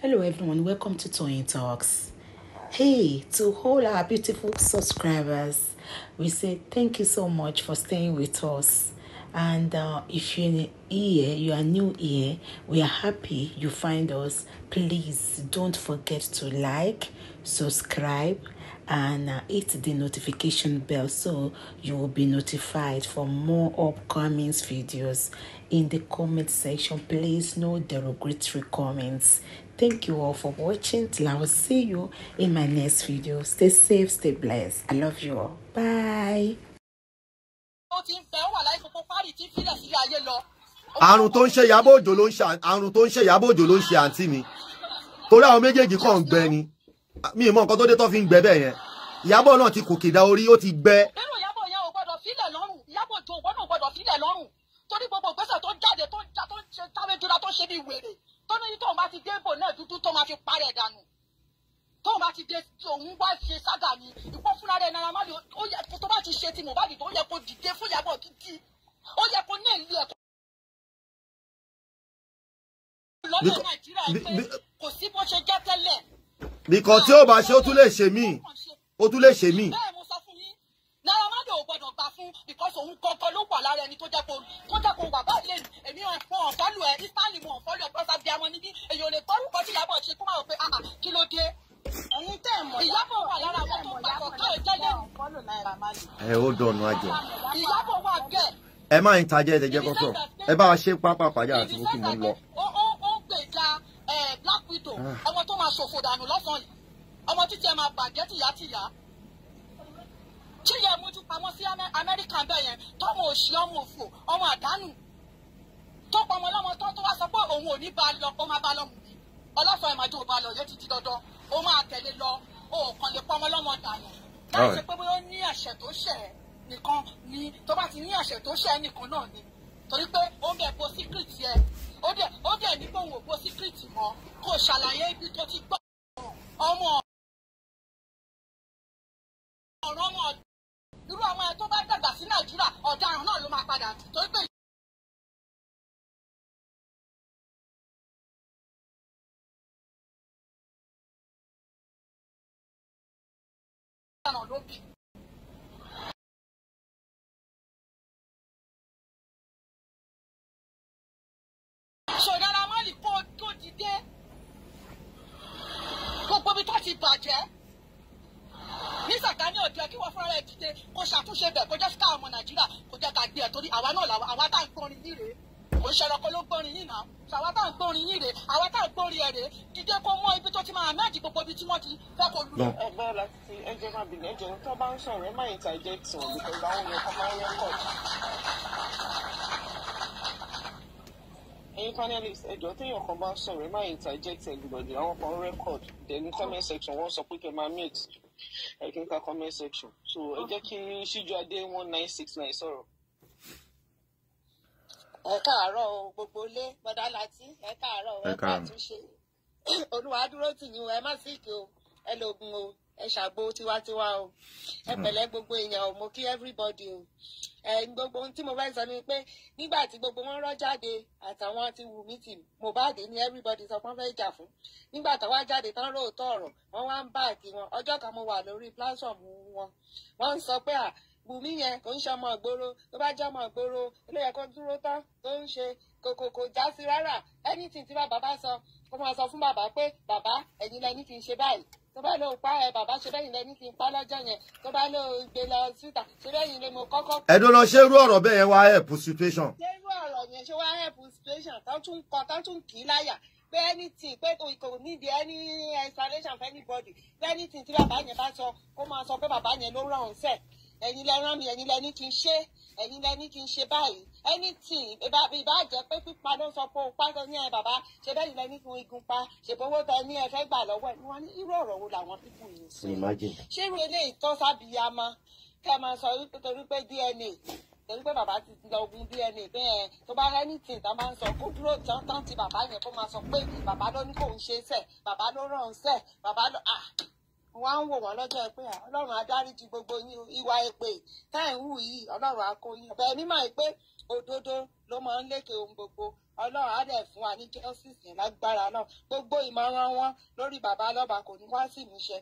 Hello everyone, welcome to Toyeen Talks. Hey, to all our beautiful subscribers, we say thank you so much for staying with us. And uh, if you're here, you are new here, we are happy you find us. Please don't forget to like, subscribe, and uh, hit the notification bell so you will be notified for more upcoming videos in the comment section please no derogatory comments thank you all for watching till i will see you in my next video stay safe stay blessed i love you all bye àrùn tó ń ṣe Ìyábọ̀ Òjó ló ń ṣe àǹtí mi torí àwọn méjèèjì kàn ń gbẹ ni mi ì mọ nǹkan tó dé tó fi ń gbẹ bẹ́ẹ̀ yẹn Ìyábọ̀ náà ti kòkè da orí ó ti gbẹ. nínú Ìyábọ̀ yẹn ò gbọdọ̀ fílẹ̀ lọ́rùn Ìyábọ̀ tó gbọdọ̀ gbọdọ̀ fílẹ̀ lọ́rùn torí gbogbo ìgbésẹ̀ tó jáde tó ń tó ṣe tábé jura tó ṣe bí wèrè tó ní tóun bá ti dé bò náà dúdú tó máa fi parẹ́ dànù tóun bá ti dé òun wá ṣe sága ni ìpọ́ fúnra rẹ̀ Naira Marley ó tó bá ti ṣe ti Mohbad tó nìkan tí ó bá ṣe ó tún lè ṣe míì ó tún lè ṣe míì. bẹ́ẹ̀ mo sọ fún yín náírà má dé ò gbà fún because òun kankan ló wà lára ẹni tó jẹ́ kó tó jẹ́ kó wà báyìí lẹ́nu èmi wọn ò fọ́lù ẹ ìsáàlì wọn ò fọ́lù ẹ pọ́sá bí amọ̀ níbí èyí ò lè gbọ́ orúkọ tí Ìyábọ̀ ṣe kó máa pe àmà ah, kí ló dé. ẹ̀yin tẹ́ ẹ̀ mọ̀ Ìyábọ̀ wà lára àwọn tó gbàgbọ́ kí ò ẹ má ń tajẹ́ ẹ jẹ́ ẹ bá wa ṣe pápá pàjá àti mú kí mo lọ mọ́tò ah. ọmọ tó máa ṣòfò dànù lọ́sàn yìí ọmọ títí ẹ máa bàjẹ́ tìyá tìyá tíyẹ mójú pamọ́ sí amẹ́ríkà bẹ́ẹ̀ yẹn tọ́mọ òṣì ọmọ òfò ọmọ àdánù tó pọmọ lọ́mọ tó tó wá sọ pé òun ò ní bá lọ ó máa bá lọ mùbí ọlọ́sàn ìmọ̀jọ ò bá lọ yóò ti di dandan ó máa tẹ̀lé lọ ó lè pọmọ lọ́mọ dànù láì pé bóyá ó ní àṣẹ tó ṣẹ̀ nìkan ni tó bá ti ní àṣẹ tó ṣẹ̀ nìkan náà ni torí pé ó ń bẹ̀ bo secret yẹ ó dẹ̀ ní pé òun ò bo secret mọ́ kò ṣàlàyé ibi tó ti gbọ́ ọmọ ọ̀rọ̀ ọmọ irú àwọn ẹ bá dàgbà sí nàìjíríà ọ̀daràn náà ló máa padà torí pé. ló bì jẹ́ ní sàkání òde kí wọ́n fúnra rẹ̀ dìde kó ṣàtúnṣe bẹ̀ kó jẹ́ káwọn ọmọ nàìjíríà kó jẹ́ ká gbé ẹ̀ torí àwa náà làwa àwa tá à ń gbọ́nrin yín rèé kò ń ṣẹranko ló gbọ́nrin yín náà ṣàwa tá à ń gbọ́nrin yín rèé àwa tá à ń gbọ́nrin ẹ̀ rèé dìde kó mọ ibi tó ti máa mẹ́ẹ̀dì gbogbo ibi tí wọ́n ti fẹ́ kó lu. ẹgbẹ́ láti ẹjọ́ máa bìnrin ẹjọ́ tó bá ń sọ̀rọ̀ ẹ má ẹ̀yin panelist ẹjọ́ téèyàn kan bá sọ̀rọ̀ ẹ má interject everybody àwọn kan record then comment section wọ́n sọ pé kẹ́ máa mute ẹ kí n ka comment section so ẹ jẹ́ kí ṣíjú adé one nine six nine sọ̀rọ̀. ẹ káàárọ̀ o gbogbo ilé bọ́dá ẹ káàárọ̀ o ẹ káàtúnṣe olúwa dúró tì yín o ẹ má síkì o ẹ lóògùn o ẹ ṣàgbo tiwantiwa o ẹ hmm. pẹ̀lẹ́ gbogbo èèyàn o kí everybody o ẹ gbogbo ohun tí mo fẹ́ sọ ni pé nígbà tí gbogbo wọn rọ́ jáde àtàwọn ti wù mí tì Mohbad ní everybody sọ pé wọ́n fẹ́ jà fún nígbà táwa jáde tán lóòótọ́ ọ̀rọ̀ wọ́n wá ń bá àkí wọn ọjọ́ kan mo wà lórí platform wọn wọ́n ń sọ pé à Wùmí yẹn kò ń ṣe ọmọ ìgboro tó bá jẹ́ ọmọ ìgboro ló yẹ kó dúró tán tó ń ṣe kòkò kò já sí rárá anything tí bàbá bá sọ kó máa sọ fún bàbá pé bàbá ẹ̀yin lẹni kì í ṣe báyìí tó bá lọ pa ẹ bàbá ṣe bẹ́yìn lẹ́ni kí n pa lọ́jọ́ yẹn tó bá lọ gbé lọ síta ṣe bẹ́yìn lè mo kọ́kọ́. ẹ̀dùn lọ ṣé irú ọ̀rọ̀ bẹ́ẹ̀ wá help situation. ṣé irú ọ̀rọ̀ yẹn ṣé wá help situation tán tún kọ tán tún kì í láyà pé anything pé kò kò nídìí any installation for anybody pé anything tí bàbá yẹn bá sọ kó máa sọ pé bàbá yẹn ló ràn án sẹ́ẹ̀ ẹ̀yin lẹ rán mi ẹ̀yin lẹ ní kí n ṣe ẹ̀yin lẹ ní kí n ṣe báyìí anything ìbá jẹ́ pé pípa ló sọ pé o pátó ní ẹ bàbá ṣe bẹ́ẹ̀ ilẹ̀ ní kí n igun pa ṣèbówó tẹ ní ẹ fẹ́ gbà lọ́wọ́ ẹ̀ wọ́n ní irú ọ̀rọ̀ wo làwọn pípù yìí sí ṣé irú eléyìí tó sábìyamọ kẹ́ máa sọ torí pé DNA torí pé bàbá ti lọ ogun DNA bẹ́ẹ̀ tó bá anything tá máa ń sọ kó dúró tán tán ti bàbá yẹn kó máa sọ pé bàbá ló ní kò ń ṣe sẹ́ẹ̀ bàbá ló rán sẹ́ẹ̀ bàbá ló ah mo wá ń wò wọ́n lọ́jọ́ pé ah, ọlọ́run á dáríjì gbogbo yín ìwà èpè tá ẹ̀ ń hù yìí ọlọ́run á kó yín ọ̀bẹ mímọ̀ pé òdodo ló máa ń lékè ohun gbogbo ọlọ́run á dẹ̀ fún wa ní justice lágbára náà gbogbo ìmọ̀ràn wọn lórí bàbá ọlọ́ba kò ní wá sí ìmúṣẹ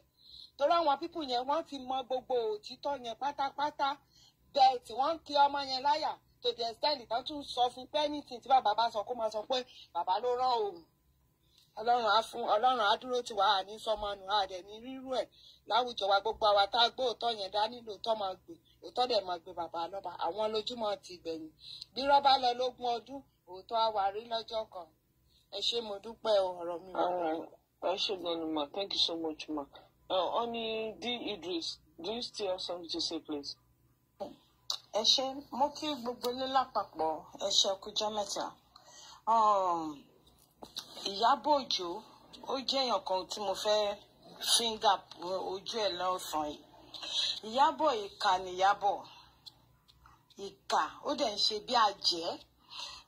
torí àwọn pípù yẹn wọ́n ti mọ gbogbo òtítọ́ yẹn pátápátá bẹ́ẹ̀ tí wọ́n ń kí ọmọ yẹn láyà to the extent ìtàn tún sọ fún pé anything tí bàbá bá sọ kó máa sọ pé bàbá ló rán òun ọlọ́run á fún ọlọ́run á dúró tì wá àní sọmọnù á dẹ̀ ní rírú ẹ̀ láwùjọ wa gbogbo àwa tá a gbọ́ òótọ́ yẹn dání lóòótọ́ máa gbé òótọ́ dẹ̀ máa gbé bàbá lọ́ba àwọn lójúmọ́ ti gbẹ̀yìn bí rọ́bà lọ lógún ọdún òótọ́ á wà rí lọ́jọ́ kan ẹ ṣé mo dúpẹ́ ọ̀rọ̀ mi. Ah, ẹ ṣé gan ma thank you so much ma ọ̀ni d Idris do you still have something to say please. ẹ ṣé mo kí gbogbo ilé lápapọ̀ ẹ ṣé ọkùnjọ́ mẹ́ta. Um, Ìyábọ̀ Òjó ó jẹ́ èèyàn kan tí mo fẹ́ fíńgà ojú ẹ̀ lọ́sàn-án yìí Ìyábọ̀ ìkà nìyábọ̀ ìkà ó dẹ̀ ń ṣe bí àjẹ́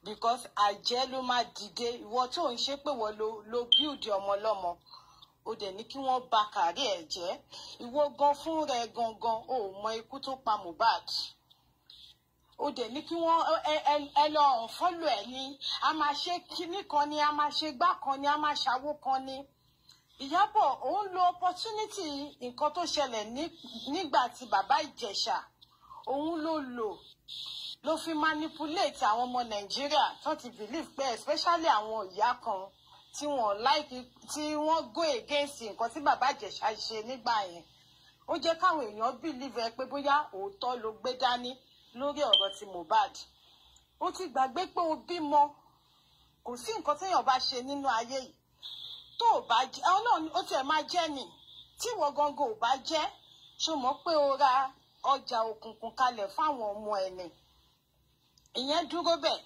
because àjẹ́ ló máa dìde ìwọ tó ń ṣe pé wọ́n ló bíùdì ọmọ lọ́mọ ó dẹ̀ ní kí wọ́n ba kàrí ẹ̀ jẹ́ ìwọ gan fún rẹ̀ gangan ó mọ ikú tó pa Mohbad o dẹ̀ ní kí wọ́n ẹ lọ fọ́lọ̀ ẹ̀ ni a máa ṣe kinní kan ni a máa ṣe gbá kan ni a máa ṣàwó kan ni Ìyábọ̀ òun lo opportunity nǹkan tó ṣẹlẹ̀ nígbà tí bàbá Ìjẹ̀ṣà òun ló lò ló fi manipulate àwọn ọmọ Nàìjíríà tó ti believe pé especially àwọn ìyá kan tí wọ́n like tí wọ́n go against nǹkan tí bàbá Ìjẹ̀ṣà ṣe nígbà yẹn ó jẹ́ káwọn èèyàn believe ẹ pé bóyá òótọ́ ló gbé dání lórí ọ̀rọ̀ ti Mohbad ó ti gbàgbé pé o bímọ kò sí nǹkan téèyàn bá ṣe nínú ayé yìí tó o bá jẹ àwọn náà ó tiẹ̀ máa jẹ́ nì tí ìwọ gangan ò bá jẹ́ ṣó mọ̀ pé o ra ọjà òkùnkùn kalẹ̀ fáwọn ọmọ ẹ̀ ni ìyẹn dúró bẹ́ẹ̀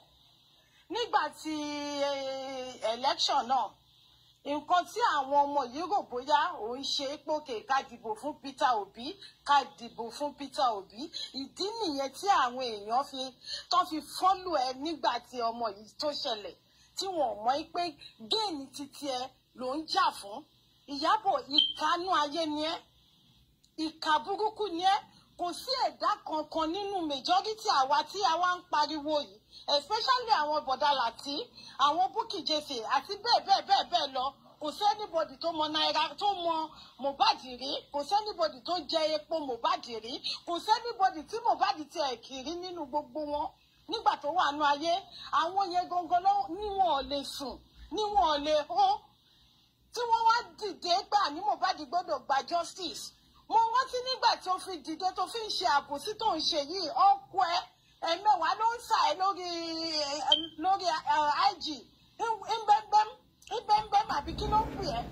nígbà tí eh, election náà nǹkan tí àwọn ọmọ yìí rò bóyá òun ṣe é pòkè ká dìbò fún Peter Obi ká dìbò fún Peter Obi ìdí nìyẹn tí àwọn èèyàn fi tán fi fọ́lù ẹ nígbà tí ọmọ yìí tó ṣẹlẹ̀ tí wọ́n mọ̀ pé géènì titi ẹ ló ń jà fún Ìyábọ̀ ìkanú ayé ni ẹ́ ìka burúkú ni ẹ́ kò sí ẹ̀dá kankan nínú majority àwa tí a wá ń pariwo yìí especially àwọn bọ̀dà láti àwọn Bukky Jesse àti bẹ́ẹ̀ bẹ́ẹ̀ bẹ́ẹ̀ bẹ́ẹ̀ lọ kò sẹ́nibọ̀dì tó mọ náírà tó mọ Mohbad rí kò sẹ́nibọ̀dì tó jẹ epo Mohbad rí kò sẹ́nibọ̀dì tí Mohbad ti ẹ̀ kiri nínú gbogbo wọn nígbà tó wà nú ayé àwọn yẹn gangan lọ ni wọn ò lè sùn ni wọn ò lè hó tí wọ́n wá dìde gbà ní Mohbad gbọ́dọ̀ gba justice mo rántí nígbà tó fi dìde tó fi ń ṣe àbòsí tó ń ṣe yìí ọkọ ẹ ẹ̀mẹ́wàá ló ń sà ẹ lórí lórí ig nbẹ́ngbẹ́m nbẹ́ngbẹ́m àbí kí ló ń pè ẹ́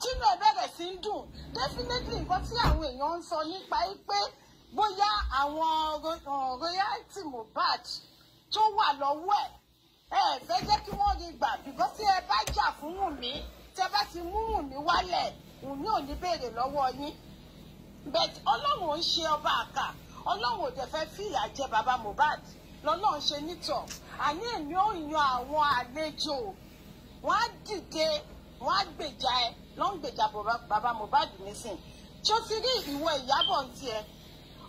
tínú ẹ bẹ̀rẹ̀ sí ń dùn definitely nǹkan tí àwọn èèyàn ń sọ nípa ẹ pé bóyá àwọn royalty Mohbad tó wà lọ́wọ́ ẹ̀ ẹ fẹ́ jẹ́ kí wọ́n rí gbà bíbọ́ tí ẹ bá jà fún Wùnmí tẹ́ bá ti mú Wùnmí wálẹ̀ Wùnmí ò ní béèrè lọ́wọ́ yín but ọlọ́run ò ń ṣe ọba àkà ọlọ́run ò dẹ̀ fẹ́ fìyà jẹ bàbá Mohbad lọ́lọ́run ṣe nítọ̀ àní èmi ò yan àwọn àlejò wọ́n á dìde wọ́n á gbèjà ẹ lọ́n gbèjà bàbá Mohbad nísìn tí ó ti rí ìwọ Ìyábọ̀ ń tiẹ̀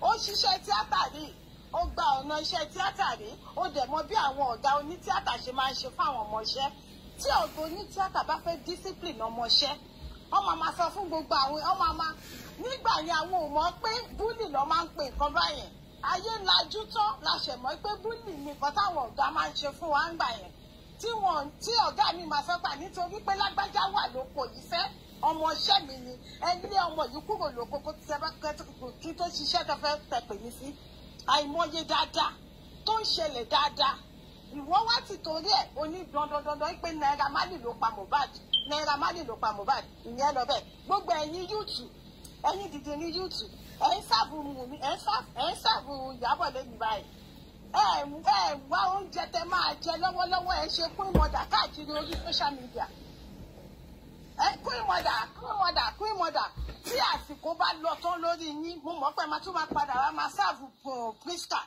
ó ṣiṣẹ́ tíátà rí ó gba ọ̀nà iṣẹ́ tíátà rí ó dẹ̀ mọ bí àwọn ọ̀gá onítíátà ṣe máa ń ṣe fáwọn ọmọọṣẹ́ tí ọ̀gá onítíátà bá fẹ́ discipline ọmọọṣẹ́ ọmọ máa sọ fún gbogbo àwọn ọmọ máa nígbà yẹn àwọn ò mọ̀ pé búlì lọ́ máa ń pe nǹkan báyẹn ayé lajú tán la ṣẹ̀ mọ̀ pé búlì nìkan táwọn ọ̀gá máa ń ṣe fún wa ń gbà yẹn tí wọn tí ọ̀gá mi máa sọ pà nítorí pé lágbájá wà lóko yìí fẹ́ ọmọọṣẹ́ mi ni ẹni ọmọ yìí kúrò lóko kó ti sẹ́fẹ́ kí tó ṣiṣẹ́ tó fẹ́ tẹ̀pẹ̀ mí sí àìmọye dáadáa tó ń ṣẹlẹ̀ dáadáa ìwọ wá ti torí ẹ̀ oní dandandandan pé náírà má lè ló pa Mohbad Naira Marley ló pa Mohbad ìyẹn lọ bẹ́ẹ̀ gbogbo ẹ̀yin yúùtù ẹ̀yin dìde ní yúùtù ẹ̀ ń sàbù mùmí ẹ̀ ń sàbù Ìyábọ̀ lẹ́yìn báyìí ẹ̀ ẹ̀ wá oúnjẹ tẹ máa jẹ lọ́wọ́lọ́wọ́ ẹ̀ ṣe kún ìmọ̀dà káàkiri orí social media ẹ̀ kún ìmọ̀dà kún ìmọ̀dà kún ìmọ̀dà tí àsìkò bá lọ tán lórí yín mo mọ̀ pé màá tún máa padà wá máa sàbù pọ̀ pírísítà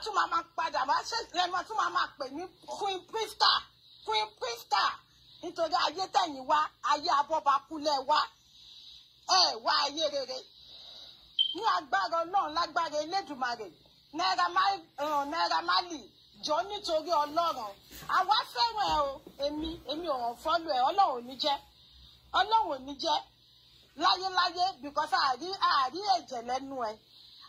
máa tún máa máa padà máa ṣe lẹ́nu tún máa máa pè ní queen prista queen prista nítorí ayé tẹ̀yìn wá ayé abọ́bakúlẹ̀ wá ẹ wá ayé rere ní agbára ọlọ́run lágbára elédùmarè náírà málì eh, jọ nítorí ọlọ́run àwa fẹ́ràn ẹ o èmi èmi ò hàn fọ́lù ẹ ọlọ́run ò ní jẹ́ ọlọ́run ò ní jẹ́ láyéláyé bìkọ́sì àárí àárí ẹ̀jẹ̀ lẹ́nu ẹ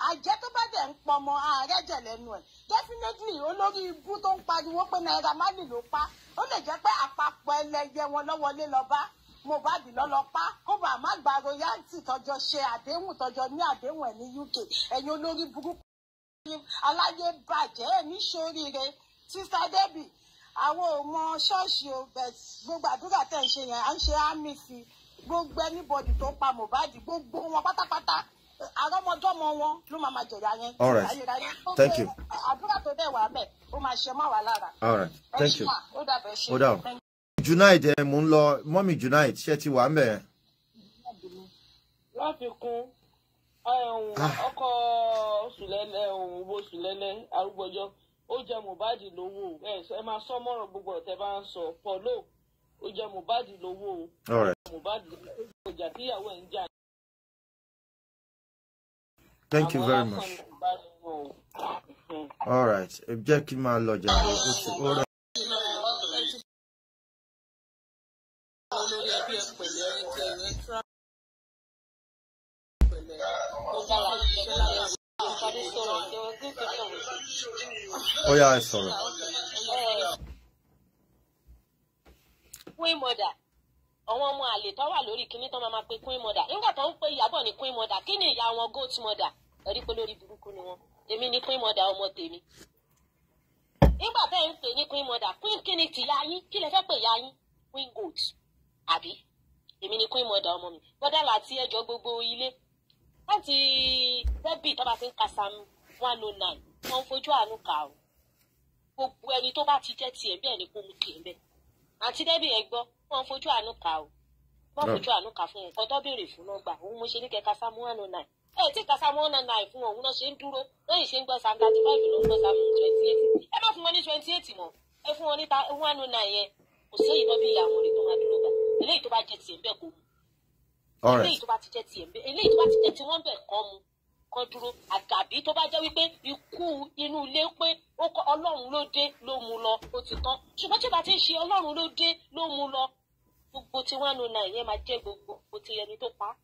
àjẹ́ tó bá dẹ̀ ń pọmọ ààrẹ jẹ̀ lẹ́nu ẹ̀ definitely olórí ibú tó ń pariwo pé Naira Marley ló pa ó lè jẹ́ pé àpapọ̀ ẹlẹ́yẹ wọn lọ́wọ́lé lọ́ba Mohbad lọ́lọ́pá kó bàa má gba royalty tọjọ ṣe àdéhùn tọjọ ní àdéhùn ẹ̀ ní UK ẹ̀yin olórí burúkú aláyé bàjẹ́ ẹ̀ ní sóríire sísá débì àwọn ò mọ ṣọ́ọ̀ṣì o gbogbo àdúrà tẹ̀ ń ṣe yẹn à ń ṣe ámì sí gbogbo anybody tó pa Mohbad gbogbo wọn pátápátá all right thank you. all right thank you. Hold dàbẹ̀ ṣe. ó dàbọ̀. Junaid ẹ mò ń lọ mọ́mì Junaid ti wà ń bẹ̀. láfikún ah. ọkọ sùlẹ́lẹ̀ òwò sùlẹ́lẹ̀ arúgbọ́jọ́ ó jẹ Mohbad gbogbo ọ̀tẹ̀ bá ń sọ pọ̀ lóò ó jẹ Mohbad lówó ó jẹ Mohbad lówó thank you very much all right ẹ jẹ́ kí n máa lọ jàre ó ti ó rẹ̀. queen mother àwọn ọmọ àlè tó wà lórí kinní tó máa ma pe queen mother nígbà tó ń pe Ìyábọ̀ ní queen mother kí ni ìyá wọn goat mother ẹ̀rí pé lórí burúkú ni wọ́n èmi ni queen mother ọmọ tèmi nígbà bẹ́ẹ̀ ń pè ní queen mother queen kí ni tìyá yín kí lẹ fẹ́ pè yá yín queen goat àbí èmi ni queen mother ọmọ mi bọ́dà láti ẹjọ́ gbogbo ilé láti bẹ́bí tó bá ti ń ka sam one oh nine wọ́n ń fojú àánú kà ó gbogbo ẹni tó bá ti jẹ́ tiẹ̀ bẹ́ẹ̀ ni kò mú tiẹ̀ bẹ́ẹ̀ àti dẹ́bí ẹ gbọ́ wọ́n ń fojú àánú kà ó wọ́n fojú àánú kà fún nǹkan tó béèrè fún náà òun mo ṣe ní kẹ́ka sam one oh nine ẹ tí kasa wọn náà náà fún òun náà ṣe ń dúró lóyìn ṣe ń gbọ́ sam thirty five ló ń gbọ́ sam twenty eight ẹ má fún wọn ní twenty eight mọ́ ẹ fún wọn ní one oh nine yẹn kò séyìí náà bí ìyàwó rẹ tó máa dúró gbà eléyìí tó bá jẹ tiẹ̀ ń bẹ̀ mu eléyìí tó bá ti jẹ tiẹ̀ ń bẹ̀ kọ́ mu kan dúró àgàbí tó bá jẹ́ wípé ikú inú ilé pé ọlọ́run ló dé ló mú lọ ó ti tán ṣùgbọ́n tí bá ń ṣe ọlọ́run ló dé ló mú lọ gbogbo tí wọ́n oh nu náà ìyẹn máa jẹ́ gbogbo ti ẹni tó pa á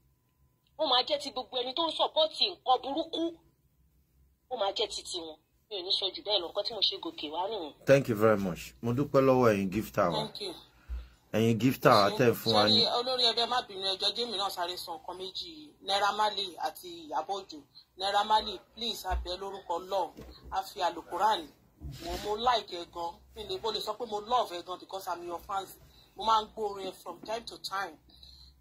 ó máa jẹ́ ti gbogbo ẹni tó ń sọ̀pọ́tì nǹkan burúkú ó máa jẹ́ ti tiwọn mi ò ní sọ jù bẹ́ẹ̀ lọ nǹkan tí mo ṣe gòkè wá nìyẹn. thank you very much mo dúpẹ́ lọ́wọ́ ẹ̀yin gift hour ẹ̀yin gift hour tẹ̀ fún wa ní. olórí ẹbẹ má bínú ẹjọ́ gémi náà sáré san nǹkan méjì Naira Marley àti Ìyábọ̀ Òjó Naira Mali, please abẹ lórúkọ love a fi alukuran mo mo like ẹ gan mi lè mo lè sọ pé mo love ẹ gan because i'm your fans mo máa ń gbọ́ ẹ from time to time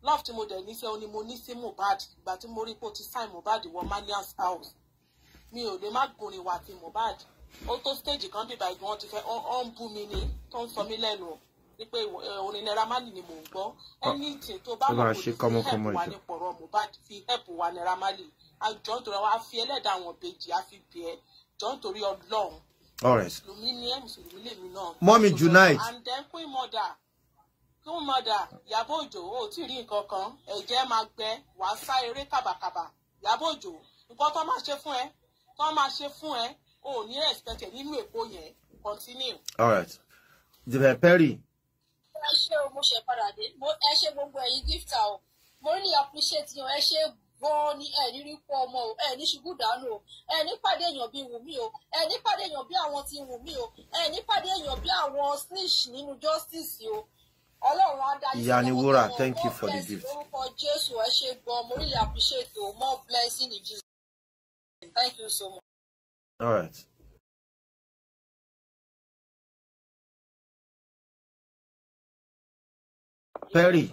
love tí mo dẹ̀ nífẹ̀ẹ́ ó ní mo ní sí Mohbad ìgbà tí mo rí pé ó ti sign Mohbad wọ manias house mi ò lè má gunrin wà ti Mohbad ó tó stage kan bíbá ìgbà wọn ti fẹ́ ọ́n ń bú mi ni tó ń sọ mí lẹ́nu wípé orin Naira Marley ni mò ń gbọ́ anything tó bá wà kò sí help wa ní pọ̀rọ̀ Mohbad fi help wa Naira Marley àjọ ìtura wa fi ẹlẹ́dàá àwọn bèjì á fi bẹ̀ ẹ́ jọ́ nítorí Ọlọ́run mùsùlùmí ni ẹ́ mùsùlùmí lèmi náà. mọ́mí Junide. and then queen mother gúnmọ̀dà Ìyábọ̀ Òjó ò tí ì rí nǹkan kan ẹ̀jẹ̀ máa gbẹ wàá sá eré kàbàkàbà Ìyábọ̀ Òjó nǹkan tó máa ṣe fún ẹ tó máa ṣe fún ẹ ò ní respect nínú èpo yẹn continue. all right jìbẹ̀ perry. ẹ ṣe o mo ṣe padà dé ẹ ṣe gbogbo ẹ̀yin gifta o mo really appreciate yín ẹ ṣe gan-an ni ẹ̀ní rí kú ọmọ o ẹ̀ní ṣubú dànù o ẹ̀ní pàdé èèyàn bíi Wùmí o ẹ̀ní pàdé èèyàn bíi àwọn ti Wùmí o ẹ̀ní pàdé èèyàn bíi àwọn snitch nínú justice o Ìyá ni Wúrà, thank you for the gift. Thank you so much. All right. Perry.